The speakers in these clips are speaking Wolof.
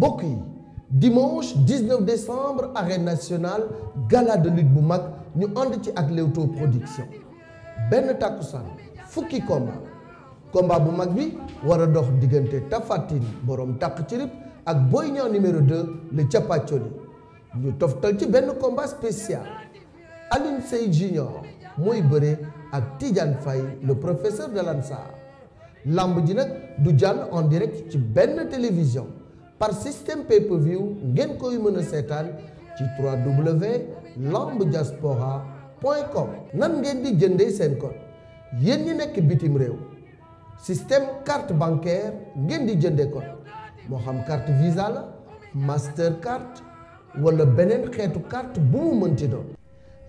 bokk yi dimanche 19 décembre arène nationale gala de lutte bu mag ñu ànd ci ak Leewtoo production benn takkusaan fukki combat combat bu mag bi wara dox diggante Tapha Tine borom takk ci ak Boy Niang numéro 2 le ñu toftal ci benn combat spécial Alioune Seye Junior mooy bëre ak Tidiane fay le professeur de l'Ansar lamb ji nag du jàll en direct ci benn télévision par système pay-per-view ngeen koy mën a seetaan ci 3W lambdiaspora point com nan ngeen di jëndee seen code yéen ñi nekk bitim réew système carte bancaire ngeen di jëndee code moo xam carte Visa la Mastercard wala beneen xeetu carte bu mu mënti doon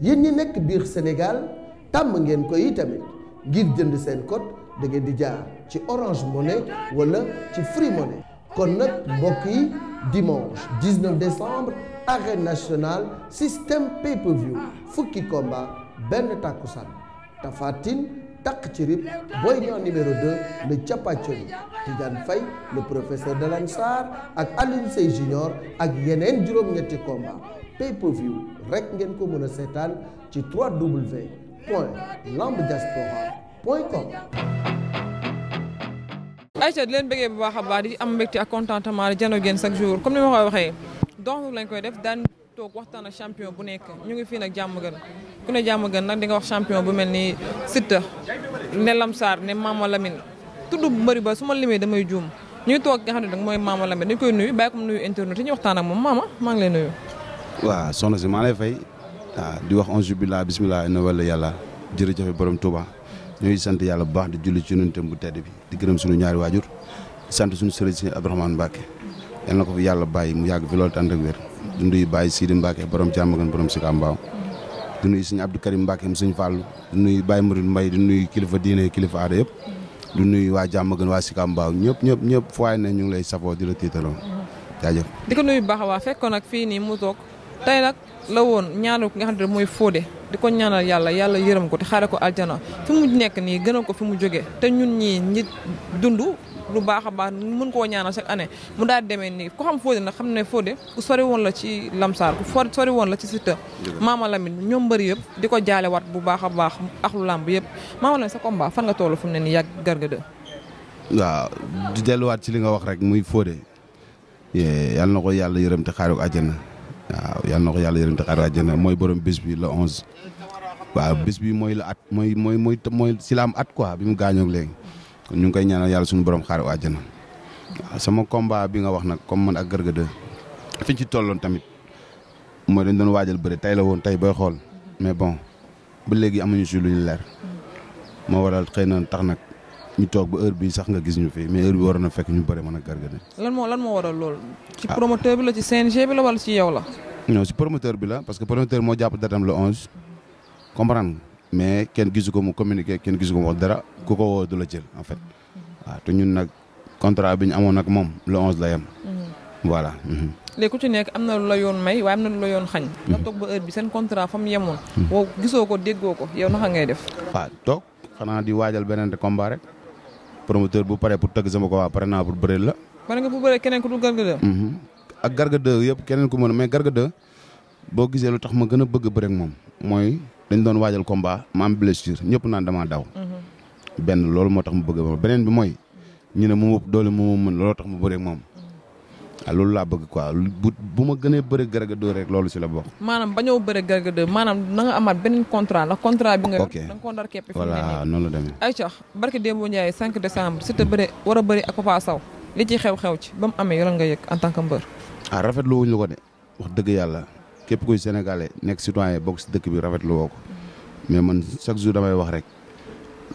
yéen ñi nekk biir Sénégal tàmm ngeen koy yi ngir jënd seen code da ngeen di jaar ci Orange Money wala ci Free Money kon nag mbokk yi dimanche 19 décembre arène nationale système pay-per-view fukki combat benn takkusaan Tapha Tine takk ci rib Boy Niang numéro 2 le capacoli Tidiane Faye le professeur de Lansar ak Alioune Seye Junior ak yeneen juróom-ñetti combat pay-per-view rek ngeen ko mën a seetaan ci 3w point lambdiaspora ca di leen bëggee bu baax a baax di am mbégte ak contentement di jano génn chaque jour comme ni ma ko waxee donc lañ koy def daan toog waxtaan ak champion bu nekk ñu ngi fii nag jàmm gën ku ne nag di nga wax champion bu mel ni Siteu ne Lamsaar ne Mama Lamine tudd mbëri ba su ma limee damay juum ñu toog nga xam ne nag mooy Mama Lamine dañ koy nuyu bàyyi ko mu nuyu internet yi ñu waxtaan ak moom Mama maa ngi lay nuyu waaw soxna si maa lay fay di wax on jubila bismillah inna wala yàlla jërëjëf borom Touba ñooy sant yàlla bu baax di julli ci yonentam bu tedd bi di gërëm suñu ñaari waajur sant suñu sëriñ si Abdourahmane Mbacke yal na ko fi yàlla bàyyi mu yàgg fi loolu tànd ak wér di nuyu Baye Sidi Mbacke borom Thiamaguène borom Sika Mbaaw di nuyu suñu Abdou Karim Mbacke mu suñu Fallou di nuyu Baye Mouride Mbaye di nuyu kilifa diine kilifa aada yëpp di nuyu waa Thiamaguène waa Sika Mbaaw ñëpp ñëpp ñëpp fu ne ñu ngi lay safoo di la tiitaloo jaajëf di ko nuyu baax waa fekkoon nag fii nii mu toog tey nag la woon di ko ñaanal yàlla yàlla yërëm ko te xaare ko aljana fi mu nekk nii gënal ko fi mu jóge te ñun ñii ñi dund lu baax a baax mun koo ñaanal chaque année mu daal demee nii ku xam Fodé nag xam ne Fodé ku sori woon la ci lamsaar ku sori woon la ci Siteu Mama Lamine ñoom mbëri yëpp di ko jaale wat bu baax a baax ak làmb yëpp Mama Lamine sa combat fan nga toll fu mu ne nii yàgg Garga waaw di delluwaat ci li nga wax rek muy Fodé yàlla na ko yàlla yërëm te xaare ko aljana waaw yal na ko yàlla yërëm te xaar àjjana mooy borom bis bi la onze waaw bés bi mooy la at mooy mooy mooy mooy si at quoi bi mu gaañook léegi kon ñu ngi koy ñaana yàlla suñu borom xaar waa waaw sama combat bi nga wax nag comme man ak Garga 2 fi ci tolloon tamit mooy dañ doon waajal bëri tey la woon tey booy xool mais bon ba léegi amuñu si lu ñu leer moo waral xëy na tax nag ñu toog ba heure bi sax nga gis ñu fi mais heure bi waroon a fekk ñu bëri mën a gargane lan moo lan moo waral loolu. ci ah. promoteur bi la ci CNG bi la wala ci yow la. non ci promoteur bi la parce que promoteur moo jàpp datam le 11. comprendre mhm. ba heure seen contrat fa mu mhm. gisoo ko déggoo ko yow naka ngay def. toog xanaa di waajal beneen rek. promoteur bu paree pour tëgg sama ko waa pare naa pour bëreel la. pare nga pour bëreel keneen ku dul garga mhm. ak garga 2 keneen ku mën mais garga boo gisee lu tax ma gën a bëgg a moom mooy dañ doon waajal combat ma am blessure ñëpp naan damaa daw. Mhm. benn loolu moo tax mu bëgg a beneen bi mooy ñu ne mu doole mu mën looloo tax mu bëre moom. waaw loolu laa bëgg quoi bu bu ma gënee bëre Garga 2 rek loolu si la bokk. maanaam bañoo bëre Garga 2 maanaam na nga amaat beneen contrat ndax contrat bi nga. ok da nga ko ndar képp fi mu ne nii voilà noonu la demee. Aïcha barke Demba Ndiaye 5 décembre si te bëre war a bëri ak Papa Sow li ci xew-xew ci ba mu amee yoroon nga yëg en tant que mbër. ah rafetlu wuñ la ko de wax dëgg yàlla képp kuy sénégalais nekk si citoyen bokk si dëkk bi rafetlu woo ko mais man chaque jour damay wax rek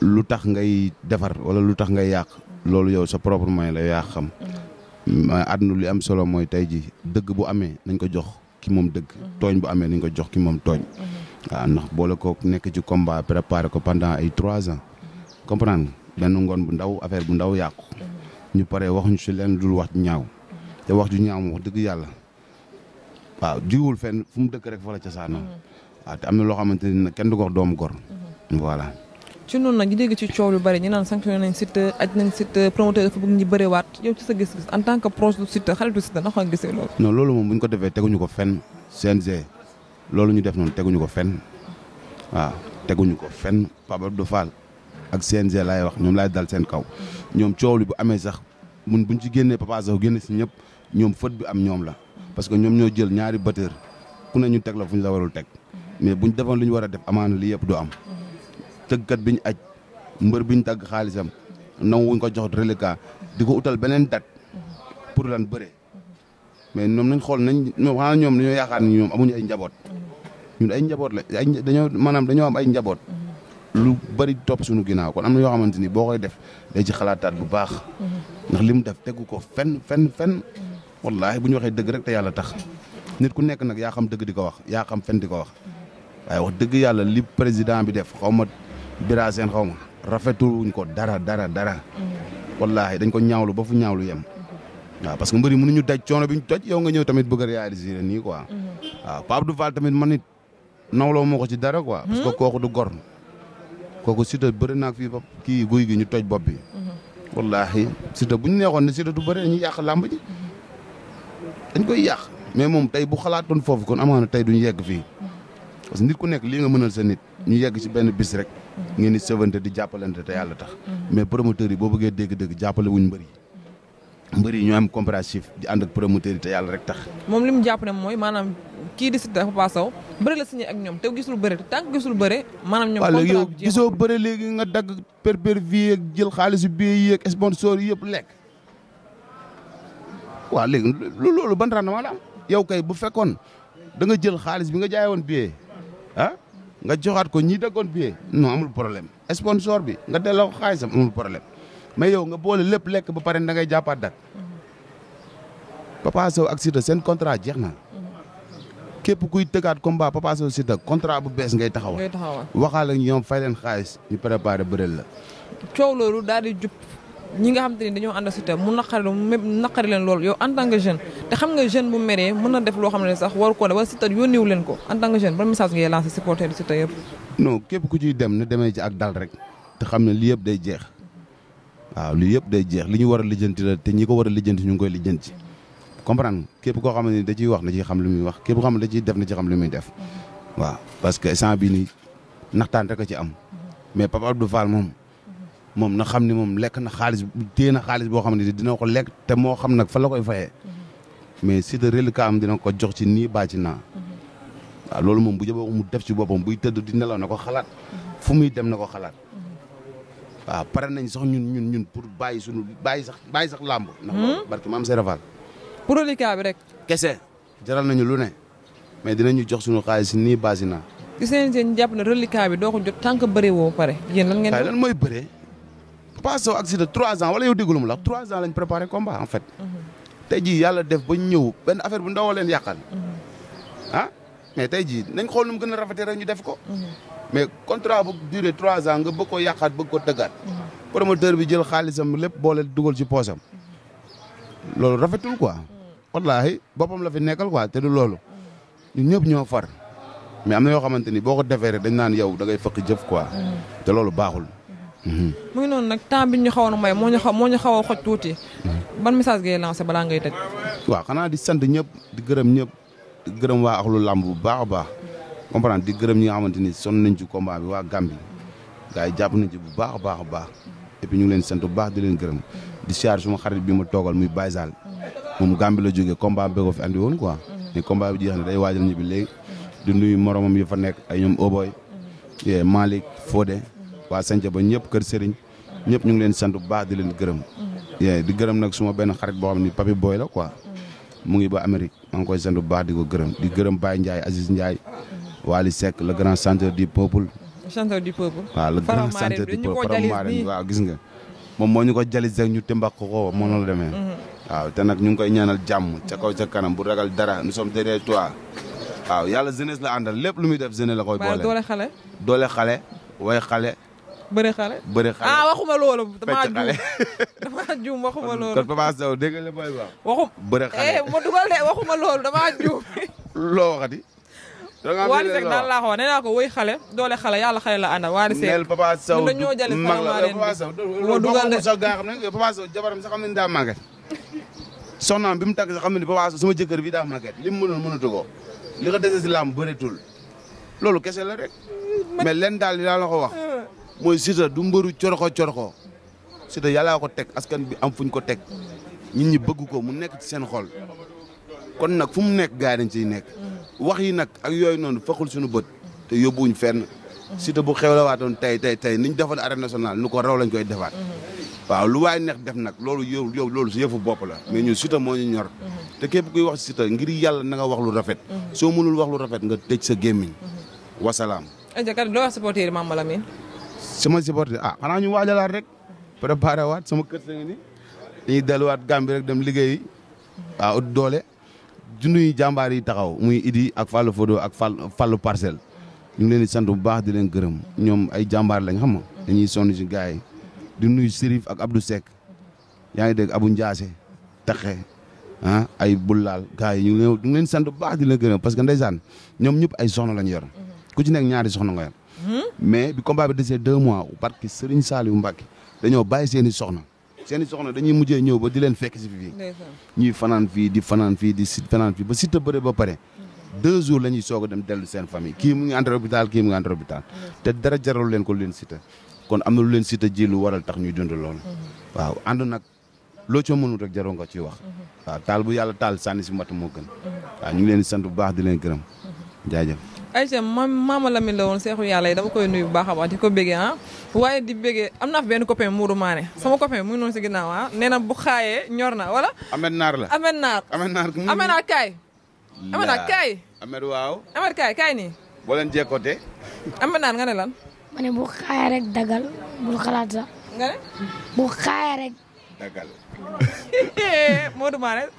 lu tax ngay defar wala lu tax ngay yàq loolu yow sa propre moyen yaa xam àdduna li am solo mooy tey ji dëgg bu amee nañ ko jox ki moom dëgg mhm. tooñ bu amee nañ ko jox ki moom tooñ mhm. waaw ndax boole ko nekk ci combat préparé ko pendant ay trois ans mhm. comprendre benn ngoon bu ndaw affaire bu ndaw yàqu ñu pare waxuñu si leen dul wax ju ñaaw te wax ju ñaaw wax dëgg yàlla waaw jiwul fenn fu mu dëkk rek fa la ca saanoo waaw te am na loo xamante ni kenn du ko doomu gor voilà ci noonu nag ñu dégg ci coow lu bari ñu naan sanctionné nañ Siteu aj nañ Siteu promoteur dafa bëgg ñu bëriwaat yow ci sa gis-gis en tant que proche du Siteu xaritu Siteu naka nga gisee loolu. ñu ko defee teguñu ko fenn CNG loolu ñu def noonu teguñu ko fenn waaw teguñu ko fenn Pape Abdou Fall ak CNG laay wax ñoom laay dal seen kaw ñoom coow li bu amee sax mun buñ ci génnee Papa Sow génne si ñëpp ñoom fët bi am ñoom la parce que ñoom ñoo jël ñaari batteur ku ne ñu teg la la warul teg mais buñ defoon lu ñu war a def amaana li yëpp du am tëggkat bi ñu aj mbër bi ñu dagg xaalisam nangu wuñ ko jox reliquat di ko utal beneen date pour lan bëre mais noonu nañ xool nañ ñoom xanaa ñoom dañoo yaakaar ni ñoom amuñu ay njaboot njaboot la ay dañoo maanaam dañoo am ay njaboot lu bari topp sunu ginnaaw kon am na yoo xamante ni boo koy def day ci xalaataat bu baax ndax li mu def tegu ko fen fen fenn wallaahi bu ñu waxee dëgg rek te yàlla tax nit ku nekk nag yaa xam dëgg di ko wax yaa xam fen di ko wax waaye wax dëgg yàlla li président bi def bira seen xaw ma rafetluwuñ ko dara dara dara. wallaahi dañ ko ñaawlu ba fu ñaawlu yem. waaw parce que mbëri mënuñu daj coono bi ñu toj yow nga ñëw tamit bëgg a réaliser nii quoi. waaw Pape Abdou Fall tamit man it nawloo moo ko ci dara quoi. parce que hmm? kooku du gor. kooku Siteu bëri naag fii ba kii guy gi ñu toj bopp bi. wallaahi Siteu bu ñu neexoon ne Siteu du bëri dañuy yàq làmb ji. dañ koy yàq mais moom tey bu xalaatoon foofu kon amaana tey duñ yegg fii. parce que nit ku nekk lii nga mënal sa ñu yegg ci benn bis rek. ngeen di sëvante di jàppalante te yàlla tax. mais promoteurs yi boo bëggee dégg-dégg jàppale wuñ mbëri mbëri yi ñoo am comparatif di ànd ak promoteurs te yàlla rek tax. moom li mu jàpp ne mooy maanaam kii di Siteu Papa Sow bëre la signé ak ñoom te gisul bëre te tant gisul bëre. maanaam ñoom contrat yow gisoo bëre léegi nga dagg perper vie ak jël xaalis biir yi ak sponsor yëpp lekk. waaw léegi loolu ban rendement la am yow kay bu fekkoon da nga jël xaalis bi nga jaay woon billet ah? nga joxaat ko ñi dëggoon billet non amul problème sponsor bi nga delloo ko xaalisam amul problème mais yow nga boole lépp lekk ba pare da ngay jàppaat dat Papa Sow ak Siteu seen contrat jeex na képp kuy tëggaat combat Papa Sow Siteu contrat bu bees ngay taxawal. ngay taxawal waxaale ñoom fay leen xaalis ñu préparé bëreel la. coow loolu daal di jub ñi nga xam te ni dañoo ànd Siteu mu naqari mu naqari loolu yow en que jeune te xam nga jeune bu meree mën na def loo xam ne sax waru ko ne wala Siteu yónniwu leen ko en que jeune ban message ngay lancé supporter du Siteu yëpp non képp ku ciy dem ne demee ci ak dal rek te xam ne lii yëpp day jeex waaw lii yëpp day jeex li ñu war a lijjanti la te ñi ko war a lijjanti ñu ngi koy lijjanti comprendre képp koo xam ne da ciy wax na ci xam lu muy wax képp xam da ciy def na ci xam lu muy def mhm. waaw parce que instant bii nii naxtaan rek a ci am mhm. mais Papa Abdou Fall moom moom na xam ni moom lekk na xaalis téye na xaalis boo xam ne dina ko lekk te moo xam nag fa koy fayee mm-hmm. mais si de reliquat am dina ko jox ci nii baa naa mm-hmm. waaw loolu moom bu jëboo mu def ci boppam buy tëdd di nelaw na ko xalaat mm-hmm. fu muy dem na ko xalaat a pare nañ sax ñun ñun ñun pour bàyyi sunu bàyyi sax bàyyi sax làmb ndax loolu barke maam Serafal pour reliquat bi rek kese jaral nañu lu ne mais dinañu jox suñu xaalis si nii baa ci naa gis nañ seen jàpp na reliquat bi doo ko jot tant que bëree woo pare yéen lan ngeen Papa Sow accident de trois ans wala la trois ans lañ préparé combat en fait. Mhm. tey jii yàlla def ba ñëw benn affaire bu ndaw leen yàqal. Mhm. ah mais tey jii nañ xool nu mu gën a rafetee rek ñu def ko. Mhm. mais contrat bu duré trois ans nga bëgg ko yàqaat bëgg ko tëggaat. promoteur bi jël xaalisam lépp boole dugal ci poosam. loolu rafetul quoi. wallaahi boppam la fi nekkal quoi te du loolu. ñun ñëpp ñoo far. mais am na yoo xamante ni boo ko defeere rek dañ naan yow da ngay fëq jëf quoi. te loolu baaxul. mu ngi noonu nag temps bi ñu xawoon may moo ñu xaw moo ñu xaw a xoj tuuti. ban message ngay lancé balaa ngay tëj. waaw xanaa di sant ñëpp di gërëm ñëpp di gërëm waa ak lu làmb bu baax a baax. comprendre di gërëm ñi nga xamante ni sonn nañ ci combat bi waa gàmbi gars jàpp nañ ci bu baax a baax a baax. et ñu ngi leen sant bu baax di leen gërëm. di siyaar suma xarit bi mu toogal muy Baye Sall. moom gàmbi la jógee combat bi ko fi andi woon quoi. mais combat bi jeex na day waajal ñibbi léegi. di nuyu moromam yu fa nekk ay ñoom Oboy. Eh, Malick waa Santhia ba ñëpp kër sëriñ ñëpp ñu leen sant bu baax di leen gërëm mm-hmm. yee di gërëm nag suma benn xarit boo xam ni papi booy la ko mm-hmm. mu ngi ba Amérique maa ngi koy sant bu baax di ko gërëm di gërëm Baye Ndiaye Aziz Ndiaye mm-hmm. Wali Seck le grand chanteur du peuple chanteur du peuple waaw le grand chanteur du peuple Faram Marème waaw gis nga moom moo ñu ko jalis rek ñu tëmbak ko moo noonu demee waaw te nag ñu ngi koy ñaanal jàmm ca kaw ca kanam bu ragal dara nous te derrière toi waaw yàlla jeunesse la àndal lépp lu muy def jeunesse la koy boole bëre xale bëre xale ah waxuma loolu damaa juum damaa juum waxuma loolu. kon Papa Sow dégg nga eh, ma dugal juum. loo waxati. da ngaa Wally Seck daal laa xaw nee naa ko woy xale doole xale yàlla xale la àndal Wally Seck. neel Papa Sow mag la Papa Sow ma dugal de sax gaa xam ne jabaram sax xam ne daa màgget. soxnaam bi mu tàgg sax xam ne Papa Sow sama jëkkër bi daa màgget li mu mënoon mënatu ko li ko dese si laam bëreetul loolu kese la rek mais leen daal li daal la ko wax mooy Siteu du mbëru coroxo coroxo Siteu yàllaa ko teg askan bi am fuñ ko teg nit ñi bëgg ko mu nekk ci seen xol kon nag fu mu nekk gars dañ ciy nekk wax yi nag ak yooyu noonu faxul suñu bët te yóbbuwuñ fenn Siteu bu xewlawaatoon tey tey tey niñ defoon arène nationale nu ko raw lañ koy defaat waaw lu waay neex def nag loolu yow yow loolu su yëfu bopp la mais ñu sita moo ñu ñor te képp kuy wax Siteu ngir yàlla na wax lu rafet soo mënul wax lu rafet nga tëj sa gémmiñ wasalaam. sama supporter a ah, xanaa ñu waajalaat rek préparé waat sama kër sa ngi ni dañuy delluwaat rek dem liggéey waaw ut doole junniy jàmbaar yi taxaw muy Idi ak Fallou Fodo ak Fallou Parcelle ñu ngi leen di sant bu baax di leen gërëm ñoom ay jàmbaar lañ xam nga dañuy sonn ci gars yi di nuyu Serif ak Abdou sek yaa ngi dégg Abou Ndiassé Taxe ah ay Bullaal gars yi ñu ngi leen di sant bu baax di leen gërëm parce que ndeysaan ñoom ñëpp ay soxna lañ yor ku ci nekk ñaari soxna nga yor. mais bi combat bi desee deux mois parce que Serigne Saliou Mbacké dañoo bàyyi seen i soxna seen i soxna dañuy mujjee ñëw ba di leen fekk si fii ñuy fanaan fi di fanaan fii di si fanaan fii ba Siteu bëre ba pare deux jours la ñuy soog a dem dellu seen famille kii mu ngi entre hôpital kii mu ngi entre hôpital te dara jaralu leen ko lu leen Siteu kon am lu leen Siteu ji lu waral tax ñuy dund loolu mhm. waaw ànd nag loo ca mënul rek jaroo nga ciy wax mhm. waaw taal bu yàlla taal sànni si mat moo gën mhm. ñu ngi leen di bu baax di leen gërëm jaajëf ayca ma maam Lamine la woon seexu yàlla yi dama koy nuyu bu baax a baax di ko béggee ah waaye di béggee am naa fi benn copain Mourou Mané sama copain mu ngi noonu si ginnaaw ah nee na bu xaayee ñor na wala. Amed Naar la Amed Naar. Amed Naar Amed Naar Kaay. Amed Naar Kaay. Amed waaw. Amed Kaay Kaay nii. boo leen jékkootee. Amed Naar nga ne lan. ma rek dagal bul xalaat sax. nga rek. dagal. Modou Mané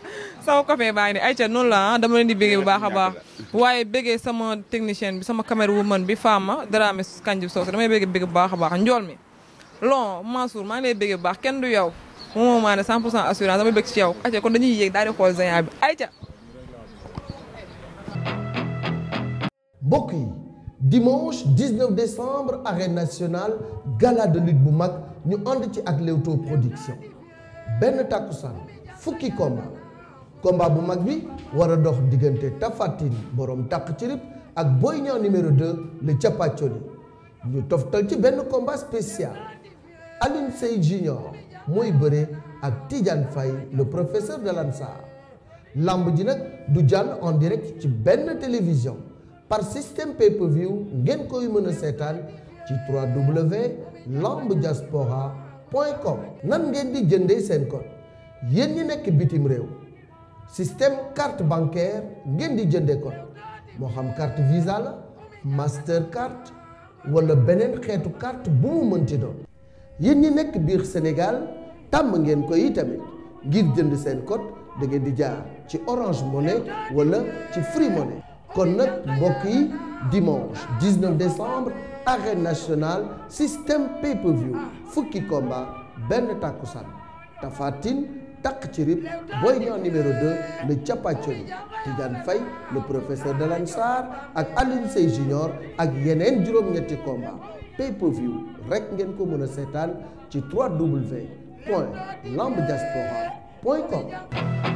sama café baa ngi nii ayca noonu la ah, dama leen di bëggee bu baax a baax waaye bëggee sama technicien bi sama caméra woman bi Fama Dramé Kanji Sow damay bëggee bëgg bu baax a baax njool mi. lon Mansour maa ngi lay bëggee bu baax kenn du yow moom maa ne 100 assurance damay bëgg ci yow ayca kon dañuy yéeg daal di xool Zeyna bi ayca. mbokk yi dimanche décembre arène nationale gala de lutte bu mag ñu ànd ci ak Leewtoo production. benn takkusaan fukki combat combat bu mag bi war a dox diggante Tapha Tine borom takk ci ak Boy Niang numéro 2 le capacoli ñu toftal ci benn combat spécial Alioune Seye Junior mooy bëre ak Tidiane fay le professeur de l'Ansar lamb ji nag du jàll en direct ci benn télévision par système pay-per-view ngeen koy mën a seetaan ci 3W lamb diaspora point com nan ngeen di jëndee seen code yéen ñi nekk bitim réew système carte bancaire ngeen di jëndee code moo xam carte visa la master carte wala beneen xeetu carte bu mu mënti doon yéen ñi nekk biir Sénégal tàmm ngeen ko yi tamit ngir jënd seen cot da ngeen di jaar ci Orange Money wala ci Free Money kon nag mbokk yi. dimanche 19 décembre arène nationale système pay-per-view ah. fukki komba benn takkusaan Tapha Tine takk ci rib Boy Niang numéro 2 le Thiapathioly Tidiane Faye le professeur de Lansar ak Alioune Seye Junior ak yeneen juróom-ñetti combat pay per rek ngeen ko mën a seetaan ci 3W point lambdiaspora